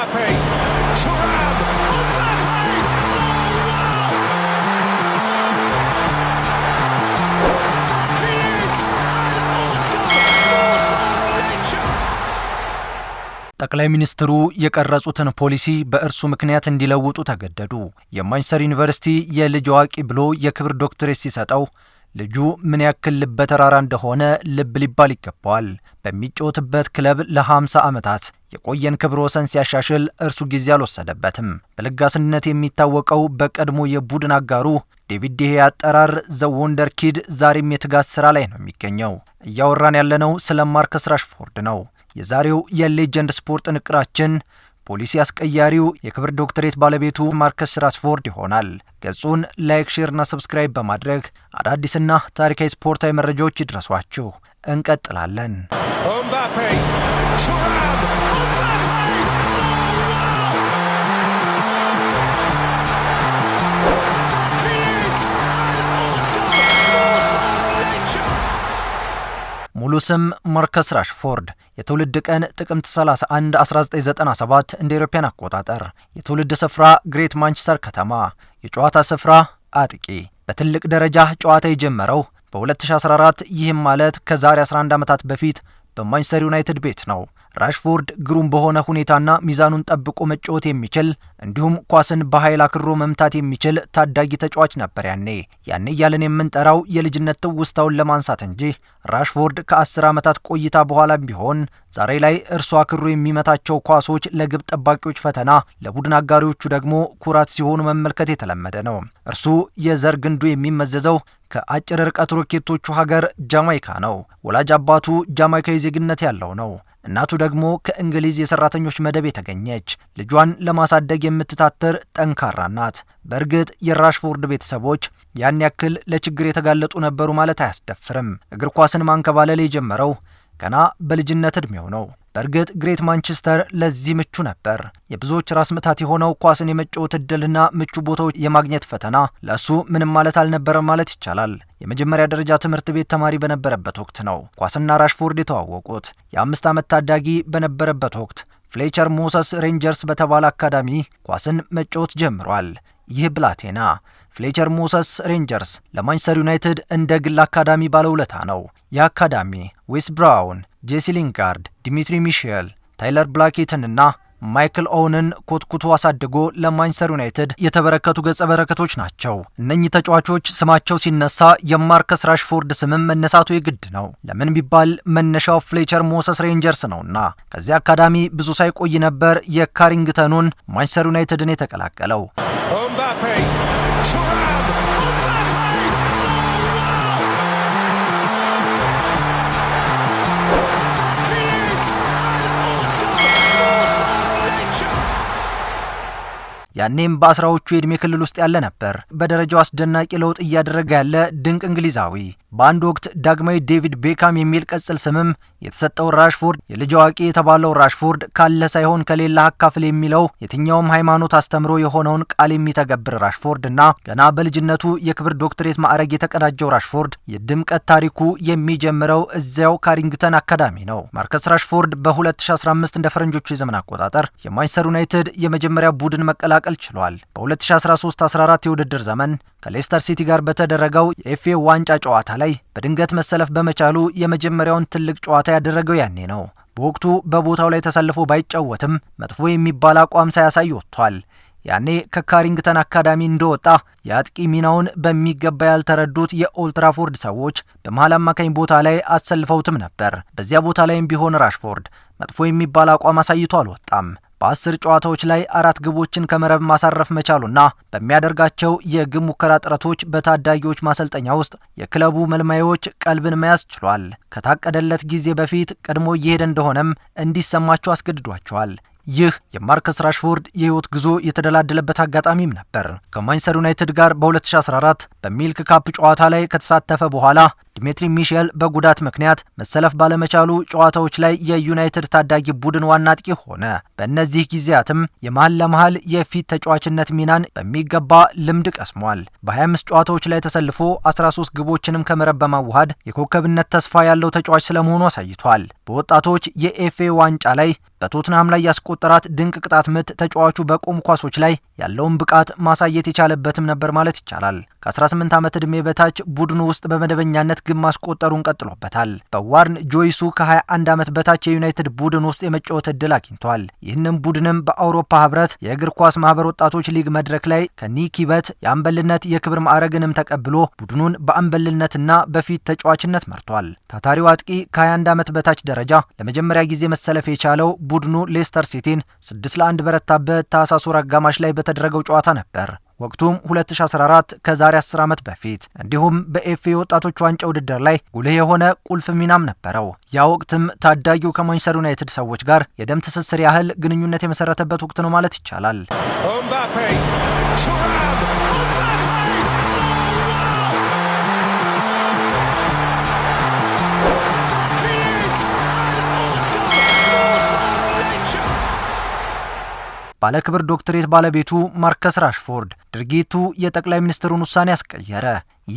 Mbappe. Thuram. Mbappe! ጠቅላይ ሚኒስትሩ የቀረጹትን ፖሊሲ በእርሱ ምክንያት እንዲለውጡ ተገደዱ። የማንቸስተር ዩኒቨርሲቲ የልጅ አዋቂ ብሎ የክብር ዶክትሬት ሲሰጠው ልጁ ምን ያክል ልበ ተራራ እንደሆነ ልብ ሊባል ይገባዋል። በሚጫወትበት ክለብ ለ50 ዓመታት የቆየን ክብረ ወሰን ሲያሻሽል እርሱ ጊዜ አልወሰደበትም። በልጋስነት የሚታወቀው በቀድሞ የቡድን አጋሩ ዴቪድ ዲሄ አጠራር ዘ ወንደር ኪድ ዛሬም የትጋት ስራ ላይ ነው የሚገኘው። እያወራን ያለነው ስለ ማርከስ ራሽፎርድ ነው። የዛሬው የሌጀንድ ስፖርት ንቅራችን ፖሊሲ አስቀያሪው የክብር ዶክተሬት ባለቤቱ ማርከስ ራሽፎርድ ይሆናል። ገጹን ላይክ፣ ሼር እና ሰብስክራይብ በማድረግ አዳዲስና ታሪካዊ ስፖርታዊ መረጃዎች ይድረሷችሁ። እንቀጥላለን። ሙሉ ስም ማርከስ ራሽፎርድ የትውልድ ቀን ጥቅምት 31 1997 እንደ ኢሮፓያን አቆጣጠር። የትውልድ ስፍራ ግሬት ማንቸስተር ከተማ። የጨዋታ ስፍራ አጥቂ። በትልቅ ደረጃ ጨዋታ የጀመረው በ2014 ይህም ማለት ከዛሬ 11 ዓመታት በፊት በማንቸስተር ዩናይትድ ቤት ነው። ራሽፎርድ ግሩም በሆነ ሁኔታና ሚዛኑን ጠብቆ መጫወት የሚችል እንዲሁም ኳስን በኃይል አክሮ መምታት የሚችል ታዳጊ ተጫዋች ነበር። ያኔ ያኔ እያለን የምንጠራው የልጅነት ትውስታውን ለማንሳት እንጂ ራሽፎርድ ከአስር ዓመታት ቆይታ በኋላም ቢሆን ዛሬ ላይ እርሱ አክሮ የሚመታቸው ኳሶች ለግብ ጠባቂዎች ፈተና፣ ለቡድን አጋሪዎቹ ደግሞ ኩራት ሲሆኑ መመልከት የተለመደ ነው። እርሱ የዘር ግንዱ የሚመዘዘው ከአጭር ርቀት ሮኬቶቹ ሀገር ጃማይካ ነው። ወላጅ አባቱ ጃማይካዊ ዜግነት ያለው ነው። እናቱ ደግሞ ከእንግሊዝ የሰራተኞች መደብ የተገኘች ልጇን ለማሳደግ የምትታትር ጠንካራ ናት። በእርግጥ የራሽፎርድ ቤተሰቦች ያን ያክል ለችግር የተጋለጡ ነበሩ ማለት አያስደፍርም። እግር ኳስን ማንከባለል የጀመረው ገና በልጅነት ዕድሜው ነው። በእርግጥ ግሬት ማንቸስተር ለዚህ ምቹ ነበር። የብዙዎች ራስ ምታት የሆነው ኳስን የመጫወት እድልና ምቹ ቦታዎች የማግኘት ፈተና ለእሱ ምንም ማለት አልነበረም ማለት ይቻላል። የመጀመሪያ ደረጃ ትምህርት ቤት ተማሪ በነበረበት ወቅት ነው ኳስና ራሽፎርድ የተዋወቁት። የአምስት ዓመት ታዳጊ በነበረበት ወቅት ፍሌቸር ሞሰስ ሬንጀርስ በተባለ አካዳሚ ኳስን መጫወት ጀምሯል። ይህ ብላቴና ፍሌቸር ሞሰስ ሬንጀርስ ለማንቸስተር ዩናይትድ እንደ ግል አካዳሚ ባለውለታ ነው። የአካዳሚ ዌስ ብራውን፣ ጄሲ ሊንጋርድ፣ ዲሚትሪ ሚሼል፣ ታይለር ብላኬትንና ማይክል ኦውንን ኮትኩቶ አሳድጎ ለማንቸስተር ዩናይትድ የተበረከቱ ገጸ በረከቶች ናቸው። እነኚህ ተጫዋቾች ስማቸው ሲነሳ የማርከስ ራሽፎርድ ስምም መነሳቱ የግድ ነው። ለምን ቢባል መነሻው ፍሌቸር ሞሰስ ሬንጀርስ ነውና። ከዚህ አካዳሚ ብዙ ሳይቆይ ነበር የካሪንግተኑን ማንቸስተር ዩናይትድን የተቀላቀለው። Hey. ያኔም በአስራዎቹ የዕድሜ ክልል ውስጥ ያለ ነበር። በደረጃው አስደናቂ ለውጥ እያደረገ ያለ ድንቅ እንግሊዛዊ በአንድ ወቅት ዳግማዊ ዴቪድ ቤካም የሚል ቅጽል ስምም የተሰጠው ራሽፎርድ የልጅ አዋቂ የተባለው ራሽፎርድ ካለ ሳይሆን ከሌላ አካፍል የሚለው የትኛውም ሃይማኖት አስተምሮ የሆነውን ቃል የሚተገብር ራሽፎርድ እና ገና በልጅነቱ የክብር ዶክትሬት ማዕረግ የተቀዳጀው ራሽፎርድ የድምቀት ታሪኩ የሚጀምረው እዚያው ካሪንግተን አካዳሚ ነው። ማርከስ ራሽፎርድ በ2015 እንደ ፈረንጆቹ የዘመን አቆጣጠር የማንቸስተር ዩናይትድ የመጀመሪያ ቡድን መቀላቀል መቀላቀል ችሏል። በ2013-14 የውድድር ዘመን ከሌስተር ሲቲ ጋር በተደረገው የኤፍኤ ዋንጫ ጨዋታ ላይ በድንገት መሰለፍ በመቻሉ የመጀመሪያውን ትልቅ ጨዋታ ያደረገው ያኔ ነው። በወቅቱ በቦታው ላይ ተሰልፎ ባይጫወትም መጥፎ የሚባል አቋም ሳያሳይ ወጥቷል። ያኔ ከካሪንግተን አካዳሚ እንደወጣ የአጥቂ ሚናውን በሚገባ ያልተረዱት የኦልትራፎርድ ሰዎች በመሀል አማካኝ ቦታ ላይ አሰልፈውትም ነበር። በዚያ ቦታ ላይም ቢሆን ራሽፎርድ መጥፎ የሚባል አቋም አሳይቶ አልወጣም። በአስር ጨዋታዎች ላይ አራት ግቦችን ከመረብ ማሳረፍ መቻሉና በሚያደርጋቸው የግብ ሙከራ ጥረቶች በታዳጊዎች ማሰልጠኛ ውስጥ የክለቡ መልማዮች ቀልብን መያዝ ችሏል። ከታቀደለት ጊዜ በፊት ቀድሞ እየሄደ እንደሆነም እንዲሰማቸው አስገድዷቸዋል። ይህ የማርከስ ራሽፎርድ የህይወት ጉዞ የተደላደለበት አጋጣሚም ነበር። ከማንቸስተር ዩናይትድ ጋር በ2014 በሚልክ ካፕ ጨዋታ ላይ ከተሳተፈ በኋላ ዲሚትሪ ሚሼል በጉዳት ምክንያት መሰለፍ ባለመቻሉ ጨዋታዎች ላይ የዩናይትድ ታዳጊ ቡድን ዋና አጥቂ ሆነ። በእነዚህ ጊዜያትም የመሀል ለመሀል የፊት ተጫዋችነት ሚናን በሚገባ ልምድ ቀስሟል። በ25 ጨዋታዎች ላይ ተሰልፎ 13 ግቦችንም ከመረብ በማዋሃድ የኮከብነት ተስፋ ያለው ተጫዋች ስለመሆኑ አሳይቷል። በወጣቶች የኤፍኤ ዋንጫ ላይ በቶትናም ላይ ያስቆጠራት ድንቅ ቅጣት ምት ተጫዋቹ በቆሙ ኳሶች ላይ ያለውን ብቃት ማሳየት የቻለበትም ነበር ማለት ይቻላል። ከ18 ዓመት ዕድሜ በታች ቡድኑ ውስጥ በመደበኛነት ግብ ማስቆጠሩን ቀጥሎበታል። በዋርን ጆይሱ ከ21 ዓመት በታች የዩናይትድ ቡድን ውስጥ የመጫወት እድል አግኝቷል። ይህንም ቡድንም በአውሮፓ ህብረት የእግር ኳስ ማህበር ወጣቶች ሊግ መድረክ ላይ ከኒኪበት የአምበልነት የክብር ማዕረግንም ተቀብሎ ቡድኑን በአምበልነትና በፊት ተጫዋችነት መርቷል። ታታሪው አጥቂ ከ21 ዓመት በታች ደረጃ ለመጀመሪያ ጊዜ መሰለፍ የቻለው ቡድኑ ሌስተር ሲቲን 6 ለ1 በረታበት ታህሳስ ወር አጋማሽ ላይ በተደረገው ጨዋታ ነበር። ወቅቱም 2014 ከዛሬ 10 ዓመት በፊት እንዲሁም በኤፍኤ ወጣቶች ዋንጫ ውድድር ላይ ጉልህ የሆነ ቁልፍ ሚናም ነበረው። ያ ወቅትም ታዳጊው ከማንቸስተር ዩናይትድ ሰዎች ጋር የደም ትስስር ያህል ግንኙነት የመሰረተበት ወቅት ነው ማለት ይቻላል። ባለክብር ዶክትሬት ባለቤቱ ማርከስ ራሽፎርድ ድርጊቱ የጠቅላይ ሚኒስትሩን ውሳኔ አስቀየረ።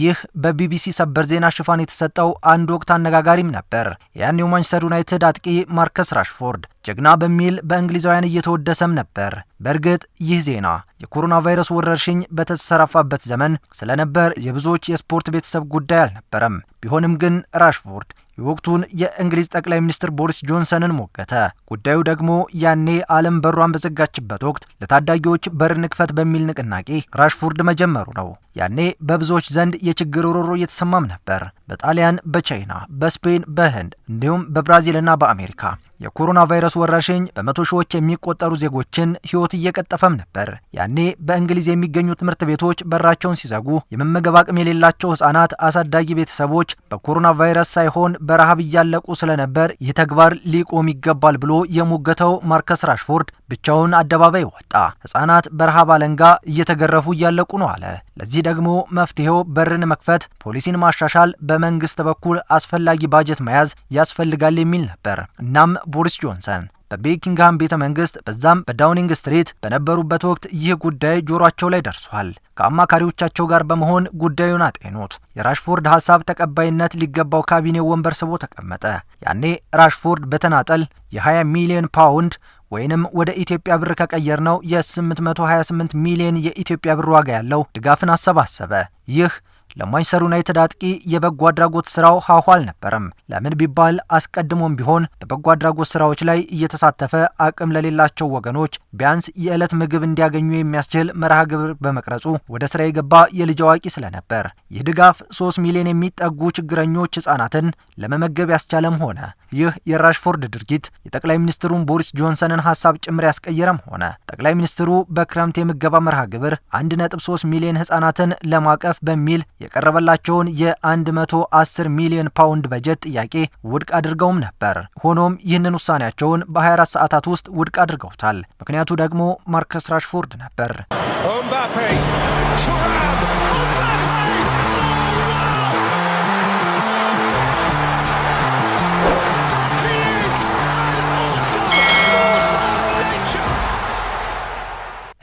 ይህ በቢቢሲ ሰበር ዜና ሽፋን የተሰጠው አንድ ወቅት አነጋጋሪም ነበር። ያኔው ማንቸስተር ዩናይትድ አጥቂ ማርከስ ራሽፎርድ ጀግና በሚል በእንግሊዛውያን እየተወደሰም ነበር። በእርግጥ ይህ ዜና የኮሮና ቫይረስ ወረርሽኝ በተሰራፋበት ዘመን ስለነበር የብዙዎች የስፖርት ቤተሰብ ጉዳይ አልነበረም። ቢሆንም ግን ራሽፎርድ የወቅቱን የእንግሊዝ ጠቅላይ ሚኒስትር ቦሪስ ጆንሰንን ሞገተ። ጉዳዩ ደግሞ ያኔ ዓለም በሯን በዘጋችበት ወቅት ለታዳጊዎች በር ንክፈት በሚል ንቅናቄ ራሽፎርድ መጀመሩ ነው። ያኔ በብዙዎች ዘንድ የችግር ሮሮ እየተሰማም ነበር። በጣሊያን፣ በቻይና፣ በስፔን፣ በህንድ እንዲሁም በብራዚልና በአሜሪካ የኮሮና ቫይረስ ወረርሽኝ በመቶ ሺዎች የሚቆጠሩ ዜጎችን ህይወት እየቀጠፈም ነበር። ያኔ በእንግሊዝ የሚገኙ ትምህርት ቤቶች በራቸውን ሲዘጉ የመመገብ አቅም የሌላቸው ህጻናት፣ አሳዳጊ ቤተሰቦች በኮሮና ቫይረስ ሳይሆን በረሃብ እያለቁ ስለነበር ይህ ተግባር ሊቆም ይገባል ብሎ የሞገተው ማርከስ ራሽፎርድ ብቻውን አደባባይ ወጣ። ህጻናት በረሃብ አለንጋ እየተገረፉ እያለቁ ነው አለ። ለዚህ ደግሞ መፍትሄው በርን መክፈት፣ ፖሊሲን ማሻሻል በመንግስት በኩል አስፈላጊ ባጀት መያዝ ያስፈልጋል የሚል ነበር። እናም ቦሪስ ጆንሰን በቤኪንግሃም ቤተ መንግስት በዛም በዳውኒንግ ስትሪት በነበሩበት ወቅት ይህ ጉዳይ ጆሯቸው ላይ ደርሷል። ከአማካሪዎቻቸው ጋር በመሆን ጉዳዩን አጤኑት። የራሽፎርድ ሀሳብ ተቀባይነት ሊገባው ካቢኔው ወንበር ስቦ ተቀመጠ። ያኔ ራሽፎርድ በተናጠል የ20 ሚሊዮን ፓውንድ ወይንም ወደ ኢትዮጵያ ብር ከቀየር ነው የ828 ሚሊዮን የኢትዮጵያ ብር ዋጋ ያለው ድጋፍን አሰባሰበ። ይህ ለማንቸስተር ዩናይትድ አጥቂ የበጎ አድራጎት ስራው ሀሁ አልነበረም። ለምን ቢባል አስቀድሞም ቢሆን በበጎ አድራጎት ስራዎች ላይ እየተሳተፈ አቅም ለሌላቸው ወገኖች ቢያንስ የዕለት ምግብ እንዲያገኙ የሚያስችል መርሃ ግብር በመቅረጹ ወደ ስራ የገባ የልጅ አዋቂ ስለነበር ይህ ድጋፍ ሶስት ሚሊዮን የሚጠጉ ችግረኞች ህጻናትን ለመመገብ ያስቻለም ሆነ። ይህ የራሽፎርድ ድርጊት የጠቅላይ ሚኒስትሩን ቦሪስ ጆንሰንን ሀሳብ ጭምር ያስቀየረም ሆነ። ጠቅላይ ሚኒስትሩ በክረምት የምገባ መርሃ ግብር 1.3 ሚሊዮን ህጻናትን ለማቀፍ በሚል የቀረበላቸውን የ110 ሚሊዮን ፓውንድ በጀት ጥያቄ ውድቅ አድርገውም ነበር። ሆኖም ይህንን ውሳኔያቸውን በ24 ሰዓታት ውስጥ ውድቅ አድርገውታል። ምክንያቱ ደግሞ ማርከስ ራሽፎርድ ነበር።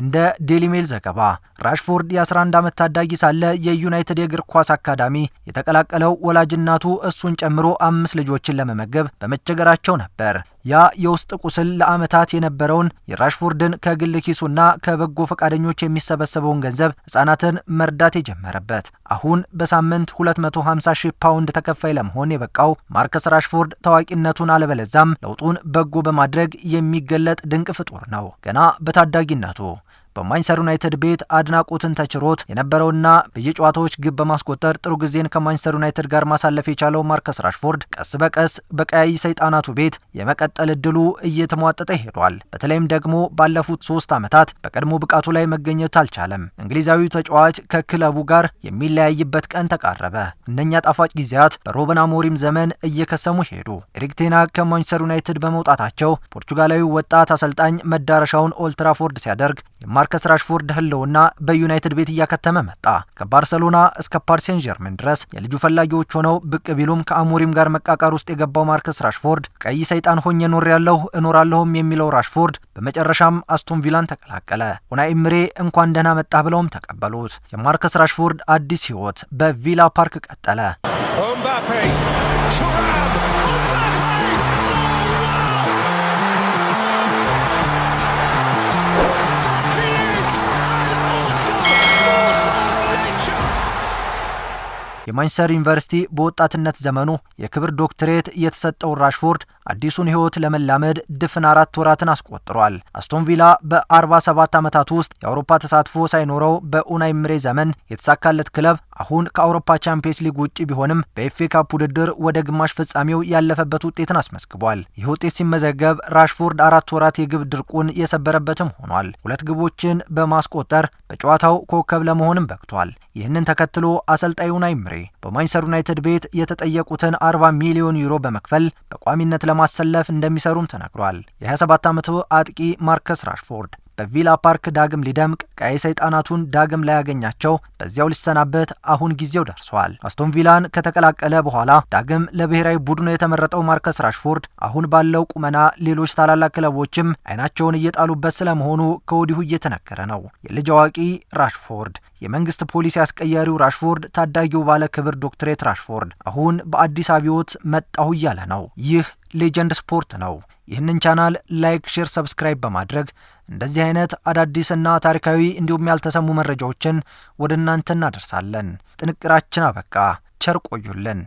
እንደ ዴሊሜል ዘገባ ራሽፎርድ የ11 ዓመት ታዳጊ ሳለ የዩናይትድ የእግር ኳስ አካዳሚ የተቀላቀለው ወላጅናቱ እሱን ጨምሮ አምስት ልጆችን ለመመገብ በመቸገራቸው ነበር። ያ የውስጥ ቁስል ለዓመታት የነበረውን የራሽፎርድን ከግል ኪሱና ከበጎ ፈቃደኞች የሚሰበሰበውን ገንዘብ ሕጻናትን መርዳት የጀመረበት አሁን በሳምንት 250 ሺህ ፓውንድ ተከፋይ ለመሆን የበቃው ማርከስ ራሽፎርድ ታዋቂነቱን አለበለዛም ለውጡን በጎ በማድረግ የሚገለጥ ድንቅ ፍጡር ነው። ገና በታዳጊነቱ በማንቸስተር ዩናይትድ ቤት አድናቆትን ተችሮት የነበረውና በየጨዋታዎች ግብ በማስቆጠር ጥሩ ጊዜን ከማንቸስተር ዩናይትድ ጋር ማሳለፍ የቻለው ማርከስ ራሽፎርድ ቀስ በቀስ በቀያይ ሰይጣናቱ ቤት የመቀጠል እድሉ እየተሟጠጠ ሄዷል። በተለይም ደግሞ ባለፉት ሶስት ዓመታት በቀድሞ ብቃቱ ላይ መገኘት አልቻለም። እንግሊዛዊው ተጫዋች ከክለቡ ጋር የሚለያይበት ቀን ተቃረበ። እነኛ ጣፋጭ ጊዜያት በሮበን አሞሪም ዘመን እየከሰሙ ሄዱ። ኤሪክ ከማንቸስተር ዩናይትድ በመውጣታቸው ፖርቹጋላዊ ወጣት አሰልጣኝ መዳረሻውን ኦልትራፎርድ ሲያደርግ ማርከስ ራሽፎርድ ህልውና በዩናይትድ ቤት እያከተመ መጣ። ከባርሰሎና እስከ ፓሪሴን ጀርመን ድረስ የልጁ ፈላጊዎች ሆነው ብቅ ቢሉም ከአሞሪም ጋር መቃቃር ውስጥ የገባው ማርከስ ራሽፎርድ ቀይ ሰይጣን ሆኜ ኖር ያለሁ እኖራለሁም የሚለው ራሽፎርድ በመጨረሻም አስቶን ቪላን ተቀላቀለ። ኡናይ ኤምሬ እንኳን ደህና መጣ ብለውም ተቀበሉት። የማርከስ ራሽፎርድ አዲስ ህይወት በቪላ ፓርክ ቀጠለ። የማንቸስተር ዩኒቨርሲቲ በወጣትነት ዘመኑ የክብር ዶክትሬት የተሰጠው ራሽፎርድ አዲሱን ሕይወት ለመላመድ ድፍን አራት ወራትን አስቆጥሯል። አስቶን ቪላ በ47 ዓመታት ውስጥ የአውሮፓ ተሳትፎ ሳይኖረው በኡናይ ምሬ ዘመን የተሳካለት ክለብ አሁን ከአውሮፓ ቻምፒየንስ ሊግ ውጭ ቢሆንም በኤፌ ካፕ ውድድር ወደ ግማሽ ፍጻሜው ያለፈበት ውጤትን አስመዝግቧል። ይህ ውጤት ሲመዘገብ ራሽፎርድ አራት ወራት የግብ ድርቁን የሰበረበትም ሆኗል። ሁለት ግቦችን በማስቆጠር በጨዋታው ኮከብ ለመሆንም በቅቷል። ይህንን ተከትሎ አሰልጣኙ አይምሬ ምሬ በማንቸስተር ዩናይትድ ቤት የተጠየቁትን 40 ሚሊዮን ዩሮ በመክፈል በቋሚነት ለማሰለፍ እንደሚሰሩም ተናግሯል። የ27 ዓመቱ አጥቂ ማርከስ ራሽፎርድ በቪላ ፓርክ ዳግም ሊደምቅ ቀይ ሰይጣናቱን ዳግም ላያገኛቸው በዚያው ሊሰናበት አሁን ጊዜው ደርሷል። አስቶን ቪላን ከተቀላቀለ በኋላ ዳግም ለብሔራዊ ቡድኑ የተመረጠው ማርከስ ራሽፎርድ አሁን ባለው ቁመና ሌሎች ታላላቅ ክለቦችም አይናቸውን እየጣሉበት ስለመሆኑ ከወዲሁ እየተነገረ ነው። የልጅ አዋቂ ራሽፎርድ፣ የመንግስት ፖሊሲ አስቀያሪው ራሽፎርድ፣ ታዳጊው ባለ ክብር ዶክትሬት ራሽፎርድ አሁን በአዲስ አብዮት መጣሁ እያለ ነው። ይህ ሌጀንድ ስፖርት ነው። ይህንን ቻናል ላይክ፣ ሼር፣ ሰብስክራይብ በማድረግ እንደዚህ አይነት አዳዲስና ታሪካዊ እንዲሁም ያልተሰሙ መረጃዎችን ወደ እናንተ እናደርሳለን። ጥንቅራችን አበቃ። ቸር ቆዩልን።